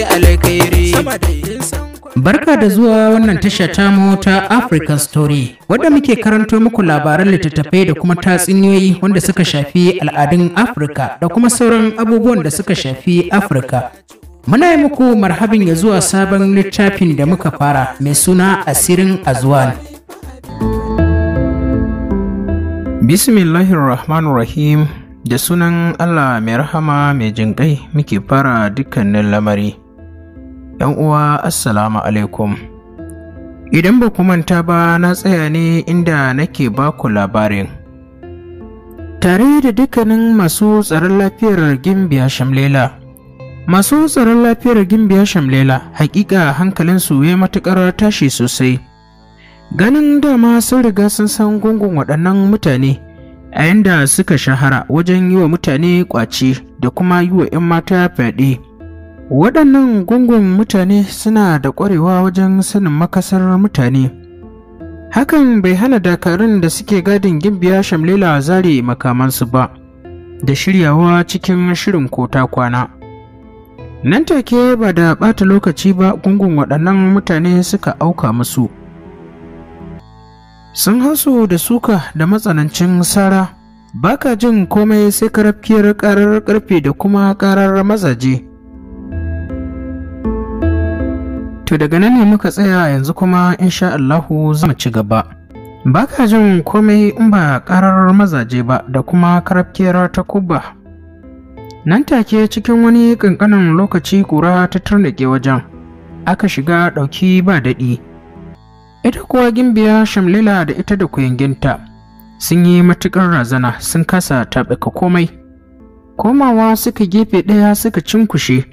yake alkhairi Barka da zuwa wannan tasha tamu ta African Story wadda muke karanto muku labaran littattafai da kuma tatsuniyoyi wanda suka shafi al'adun Afirka da kuma sauran abubuwan da suka shafi Afirka. Muna yi muku marhabin ya zuwa sabon littafin da muka fara mai suna Asirin Azwan. Bismillahirrahmanirrahim da sunan Allah mai rahama mai jinƙai muke fara dukkanin lamari. 'Yan uwa assalamu alaikum. Idan ba ku manta ba na tsaya ne inda nake ba ku labarin. Tare da dukkanin masu tsaron lafiyar Gimbiya Shamlela. Masu tsaron lafiyar Gimbiya Shamlela hakika hankalinsu ya matuƙar tashi sosai. Ganin dama sun riga sun san gungun waɗannan mutane. a yanda suka shahara wajen yi wa mutane ƙwace da kuma yi wa 'yan mata fyaɗe waɗannan gungun mutane suna da ƙwarewa wajen sanin makasar mutane hakan bai hana dakarun da suke gadin gimbiya shamlila zare makamansu ba da shiryawa cikin shirin kota kwana nan take ba da ɓata lokaci ba gungun waɗannan mutane suka auka musu sun haso da suka da matsanancin sara baka jin komai sai karafkiyar karar karfe da kuma karar mazaje To daga nan ne muka tsaya yanzu kuma insha Allahu za mu ci gaba. Ba ka jin komai in ba ƙarar mazaje ba da kuma karafkiyar ta kubba. Nan take cikin wani ƙanƙanin lokaci kura ta turnike wajen, aka shiga ɗauki ba daɗi. Ita kuwa gimbiya shamlila da ita da kuyanginta sun yi matuƙar razana sun kasa ka komai. Komawa suka gefe ɗaya suka cinkushe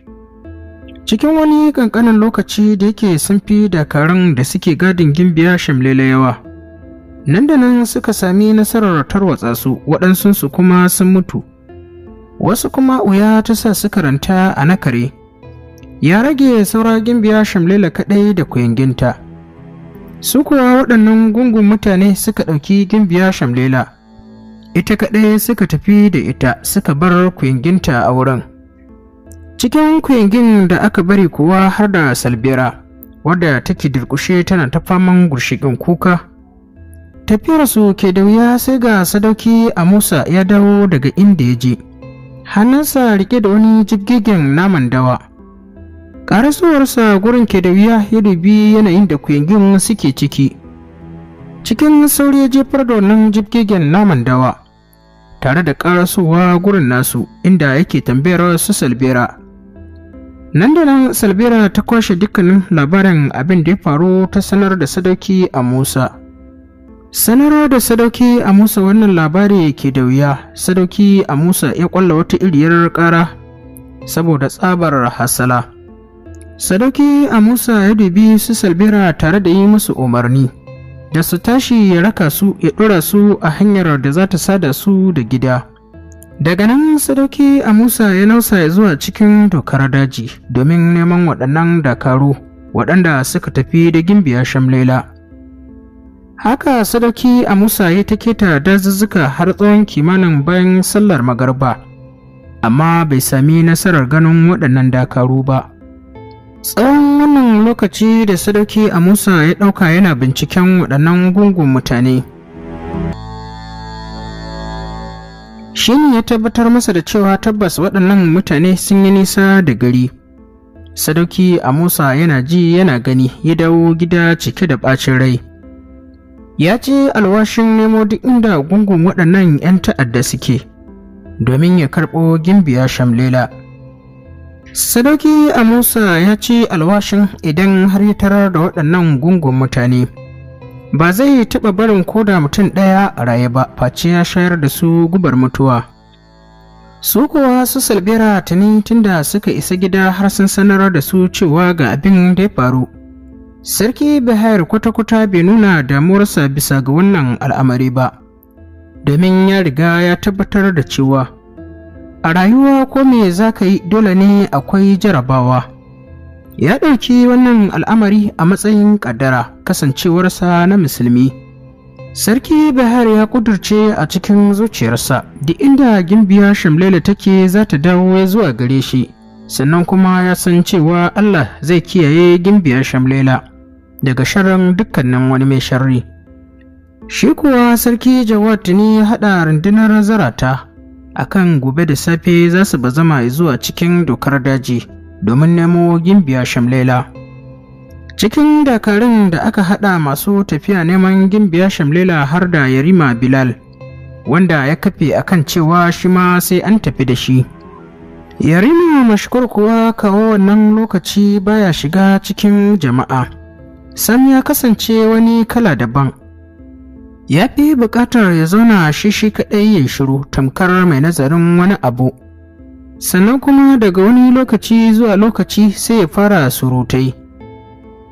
cikin wani kankanin lokaci da yake sun fi dakarun da suke gadin gimbiya shamlele yawa nan da nan suka sami nasarar tarwatsa su waɗansunsu kuma sun mutu wasu kuma uya ta sa suka ranta a nakare ya rage saura gimbiya shamlele kaɗai da kuyanginta su kuwa waɗannan gungun mutane suka ɗauki gimbiya shamlela ita kaɗai suka tafi da ita suka bar kuyanginta a wurin cikin kuyangin da aka bari kuwa har da salbera wadda take durkushe tana ta faman gurshikin kuka tafiyarsu ke da wuya sai ga sadauki a musa ya dawo daga inda ya je hannunsa rike da wani jibgigen naman dawa ƙarasuwarsa gurin ke da wuya ya dubi yanayin da kuyangin suke ciki cikin sauri ya jefar da wannan jibgigen naman dawa tare da ƙarasowa gurin nasu inda yake tambayar su salbera nan da nan salbera ta kwashe dukkanin labarin abin da ya faru ta sanar da sadauki a musa Sanar da sadauki a musa wannan labari ke da wuya sadauki a musa ya kwalla wata iriyar kara saboda tsabar hasala sadauki a musa ya dubi su salbera tare da yi musu umarni da su tashi ya raka su ya ɗora su a hanyar da za ta sada su da gida daga nan sadauki a musa ya nausa zuwa cikin dokar daji domin neman waɗannan dakaru waɗanda suka tafi da gimbiya shamlela haka sadauki a musa ya take ta dazuzzuka har tsawon kimanin bayan sallar magarba amma bai sami nasarar ganin waɗannan dakaru ba tsawon wannan lokaci da sadauki a musa ya ɗauka yana binciken waɗannan gungun mutane shine ya tabbatar masa da cewa tabbas waɗannan mutane sun yi nisa da gari sadauki a musa yana ji yana gani ya dawo gida cike da ɓacin rai ya ce alwashin nemo duk inda gungun waɗannan 'yan ta'adda suke domin ya karɓo gimbiya shamlela sadauki a musa ya ce alwashin idan har ya tarar da waɗannan gungun mutane ba zai taɓa barin koda mutum ɗaya a raye ba face ya shayar da su gubar mutuwa su kuwa su salbera tuni tunda suka isa gida har sun sanar da su cewa ga abin da ya faru sarki bahar kwata-kwata bai nuna damuwarsa bisa ga wannan al'amari ba domin ya riga ya tabbatar da cewa a rayuwa ko me za ka yi dole ne akwai jarabawa ya ɗauki wannan al'amari a matsayin ƙaddara kasancewarsa na musulmi sarki bahar ya ƙudurce a cikin zuciyarsa duk inda gimbiya shamlele take za ta dawo zuwa gare shi sannan kuma ya san cewa allah zai kiyaye gimbiya shamlela daga sharan dukkanin wani mai sharri shi kuwa sarki jawad ne haɗa rundunar zarata akan gobe da safe za su bazama zuwa cikin dokar daji domin nemo gimbiya shamlela cikin dakarun da aka haɗa masu tafiya neman gimbiya shamlela har da yarima bilal wanda ya kafe a kan cewa shi ma sai an tafi da shi yarima mashkur kuwa kawo wannan lokaci baya shiga cikin jama'a sam ya kasance wani kala daban ya fi bukatar ya zauna shi shi kaɗai ya shiru tamkar mai nazarin wani abu sannan kuma daga wani lokaci zuwa lokaci sai ya fara surutai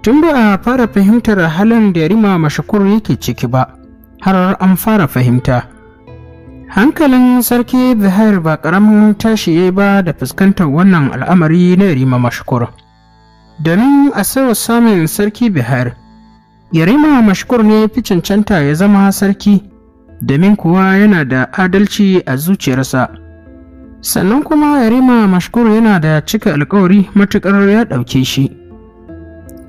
tun ba a fara fahimtar halin da yarima mashakur yake ciki ba har an fara fahimta hankalin sarki zahir ba ƙaramin tashi ya ba da fuskantar wannan al'amari na yarima mashakur domin a sau samun sarki bihar yarima mashkur ne fi cancanta ya zama sarki domin kuwa yana da adalci a zuciyarsa sannan kuma yarima mashkur yana da cika alkawari matukar ya ɗauke shi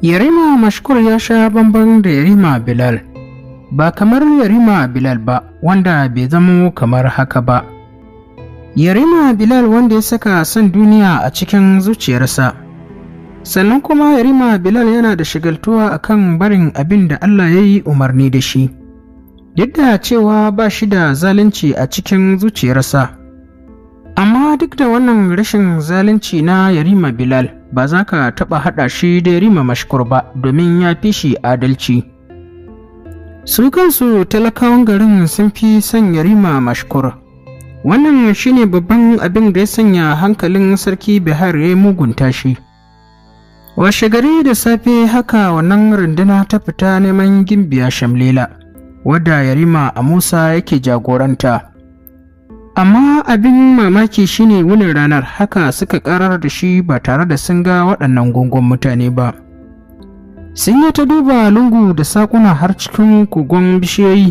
yarima mashkur ya sha bamban da yarima bilal ba kamar yarima bilal ba wanda bai zama kamar haka ba yarima bilal wanda ya saka son duniya a cikin zuciyarsa sannan kuma yarima bilal yana da shigaltuwa akan barin abin da allah ya yi umarni da shi duk da cewa ba shi da zalunci a cikin zuciyarsa amma duk da wannan rashin zalunci na yarima bilal ba za ka taɓa haɗa shi da yarima mashkur ba domin ya fi shi adalci su kansu talakawan garin sun fi son yarima mashkur wannan shine babban abin da ya sanya hankalin sarki bihar ya mugunta shi washe gari da safe haka wannan runduna ta fita neman gimbiya shamlela wadda yarima a musa yake jagoranta amma abin mamaki shine wunin ranar haka suka karar da shi ba tare da sun ga waɗannan gungun mutane ba sun yi ta duba lungu da sakuna har cikin kogon bishiyoyi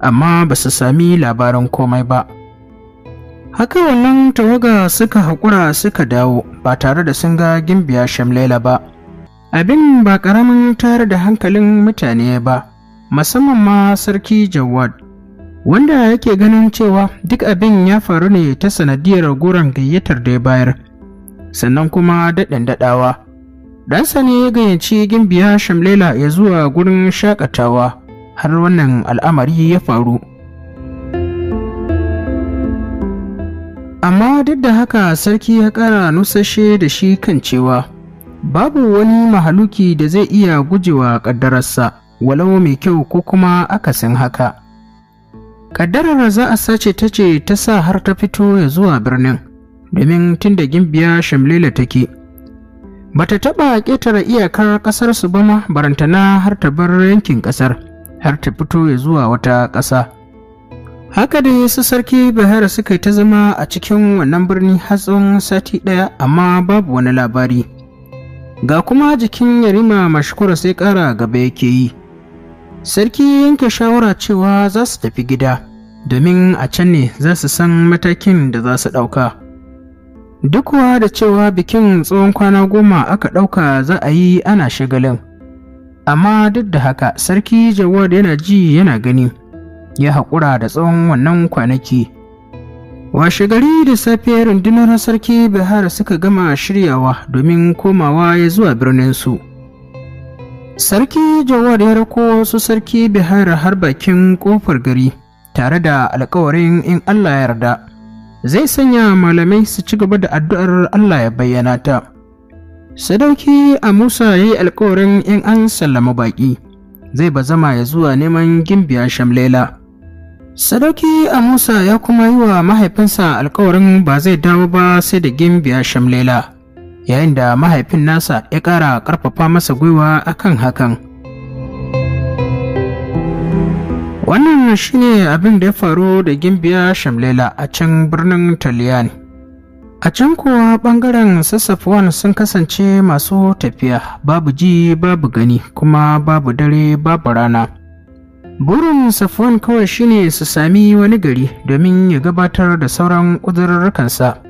amma ba su sami labarin komai ba haka wannan tawaga suka haƙura suka dawo ba tare da sun ga gimbiya shamlela ba abin ba ƙaramin tare da hankalin mutane ba musamman ma sarki jawad wanda yake ganin cewa duk abin ya faru ne ta sanadiyar goron gayyatar da ya bayar sannan kuma daɗin daɗawa ɗansa ne ya gayyaci gimbiya shamlela ya zuwa gurin shakatawa har wannan al'amari ya faru amma duk da haka sarki ya ƙara nusashe da shi kan cewa babu wani mahaluki da zai iya gujewa ƙaddararsa walau mai kyau ko kuma akasin haka Kaddarar za a sace ta ce ta sa har ta fito ya zuwa birnin, domin tun da gimbiya shamlila take. Ba ta taɓa ƙetare iyakar ƙasar su ba ma barantana har ta bar yankin ƙasar, har ta fito ya zuwa wata ƙasa. Haka da su sarki Bahar suka yi ta zama a cikin wannan birni har sati ɗaya amma babu wani labari. Ga kuma jikin yarima mashkura sai ƙara gaba yake yi. sarki yanke shawara cewa za su tafi gida domin a can ne za su san matakin da za su ɗauka duk da cewa bikin tsohon kwana goma aka ɗauka za a yi ana shagalin amma duk da haka sarki jawad yana ji yana gani ya haƙura da tsawon wannan kwanaki washe gari da safiyar rundunar sarki bihar suka gama shiryawa domin komawa ya zuwa birninsu Sarki Jawar ya rako su sarki Bihar har bakin kofar gari tare da alkawarin in Allah ya yarda zai sanya malamai su ci gaba da addu'ar Allah ya bayyana ta. Sadauki a Musa ya yi alkawarin in an sallama baƙi zai ba zama ya zuwa neman gimbiya Shamlela. Sadauki a Musa ya kuma yi wa mahaifinsa alkawarin ba zai dawo ba sai da gimbiya Shamlela. yayin da mahaifin nasa ya ƙara ƙarfafa masa gwiwa akan hakan wannan shine abin da ya faru da gimbiya shamlela a can birnin taliyani a can kuwa bangaren sassafuwan sun kasance masu tafiya babu ji babu gani kuma babu dare babu rana burin safuwan kawai shine su sami wani gari domin ya gabatar da sauran ƙudurrukansa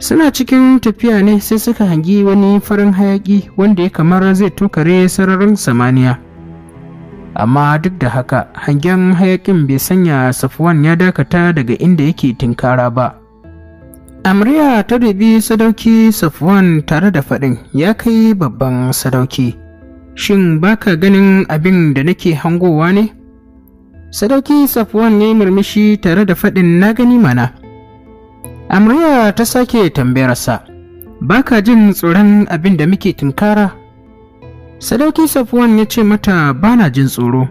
suna cikin tafiya ne sai suka hangi wani farin hayaki wanda ya kamar zai tukare sararin samaniya amma duk da haka hangen hayakin bai sanya safuwan ya dakata daga inda yake tinkara ba amriya ta dubi sadauki safuwan tare da faɗin ya kai babban sadauki shin baka ganin abin da nake hangowa ne sadauki safuwan ya yi murmushi tare da faɗin na gani mana amriya ta sake tambayarsa ba ka jin tsoron abin da muke tunkara sadauki safwan ya ce mata ba na jin tsoro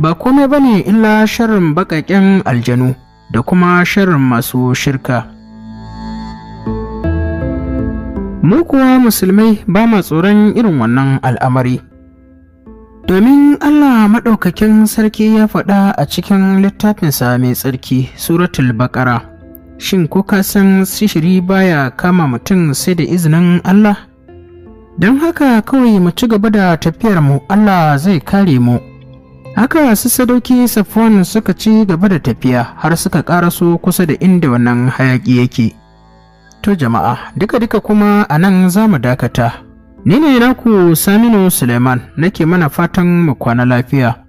ba komai ba ne illa sharrin baƙaƙen aljanu da kuma sharrin masu shirka mu kuwa musulmai ba ma tsoron irin wannan al'amari domin allah maɗaukakin sarki ya faɗa a cikin littafinsa mai tsarki suratul baƙara Shin ko ka san sihiri baya kama mutum sai da izinin Allah? Don haka kawai mu ci gaba da tafiyar mu Allah zai kare mu. Haka su sadauki Safwan suka ci gaba da tafiya har suka ƙara su kusa da inda wannan hayaƙi yake. To jama'a, duka-duka kuma a nan za mu dakata. Ni ne naku Saminu Suleiman nake mana fatan mu kwana lafiya.